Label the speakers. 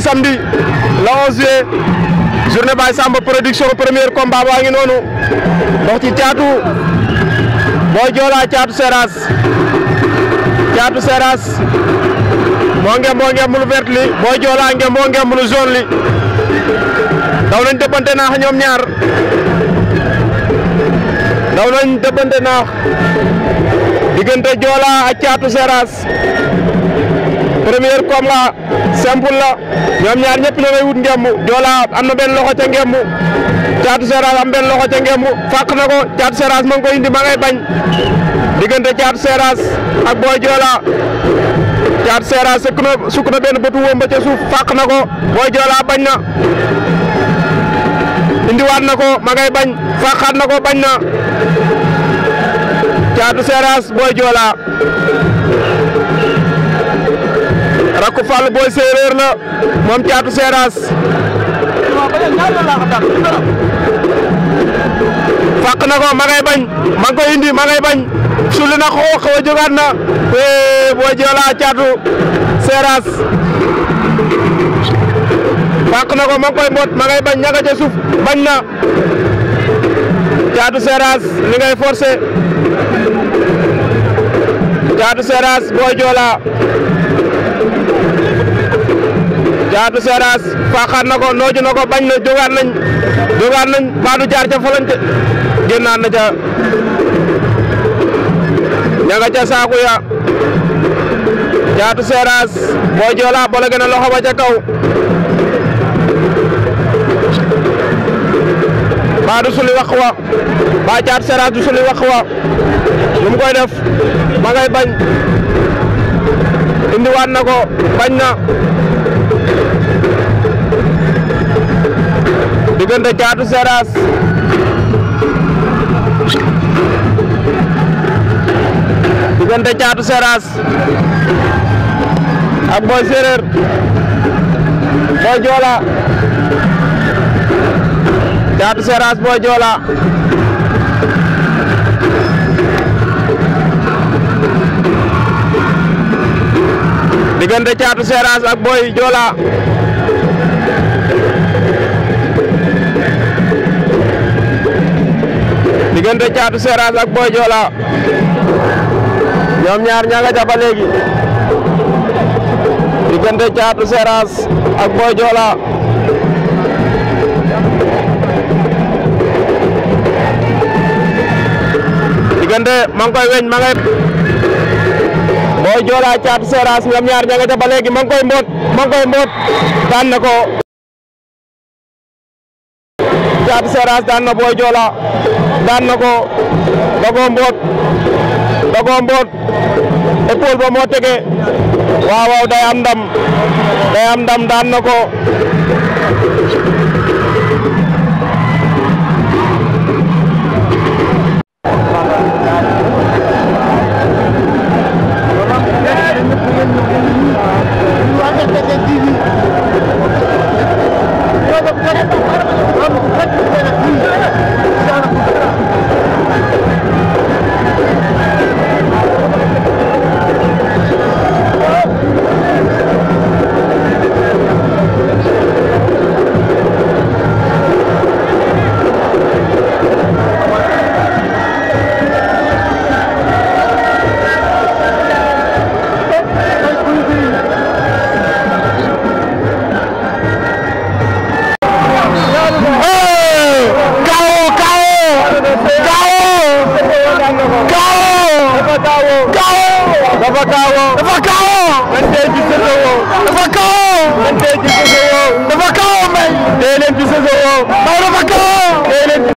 Speaker 1: samedi le 11 juillet journée Baye Samba production premier combat ba ngi noonu dox ci tiatu bo jola tiatu seras tiatu seras mo ngem mo ngem lu vert li bo jola ngem mo ngem lu jaune li daw lañ dëbbante na ñom ñaar daw lañ dëbbante na diggante jola ak seras premier combat simple la ñoom ñaar ñëpp ñoo ngay wut ngemb Joola am na benn loxo ca ngemb Caatu Seras am benn loxo ca ngemb fàq na ko Caatu Seras ma ko indi ma ngay bañ diggante Caatu Seras ak Boy Joola Caatu Seras sukk na benn bëtu wóom ba ca suuf fàq na ko Boy Joola bañ na indiwaat na ko ma ngay bañ fàqaat na ko bañ na Caatu Seras Boy Joola rakku Fall Boy Séeréer la moom Thiatou Seras fàq na ko ma bañ ma indi ma bañ sulli na ko xaw jógaat na Boy Diola Thiatou Seras fàq na ko ma ngi koy bañ ñaga ca suuf bañ na Thiatou Seras li forcé Thiatou Seras Boy Diola Caatu Seras faaxaat na ko nooju na ko bañ na jógaat nañ jógaat nañ baadu jaar ca falañte na ca ña ca saaku ya Caatu Seras boo joola bologe na loxo ba Caatu Seras du suli wax wa koy def ma ngay bañ indiwaat na ko bañ na diggante Caatu Seras diggante Caatu Seras ak Boy Séeréer Boy Joola Caatu Seras Boy Joola diggante Caatu Seras ak Boy Joola ñoom ñaar ña nga jàpp léegi diggante Caatu Seras ak Boy Joola diggante ma weñ ma ngay Joola Caatu Seras ñoom ñaar ña nga jàpp léegi ma ngi koy mboot ma na ko Caatu Seras daan na Boy Joola daan na ko dogoo mboot dogoo ba moo tege waaw waaw ndam day ndam daan na ko KO. man dee ci Sosowoo. dafa KO. man dee ci Sosowoo. dafa KO Mbaye. dee leen ci Sosowoo. Mbaye dafa KO.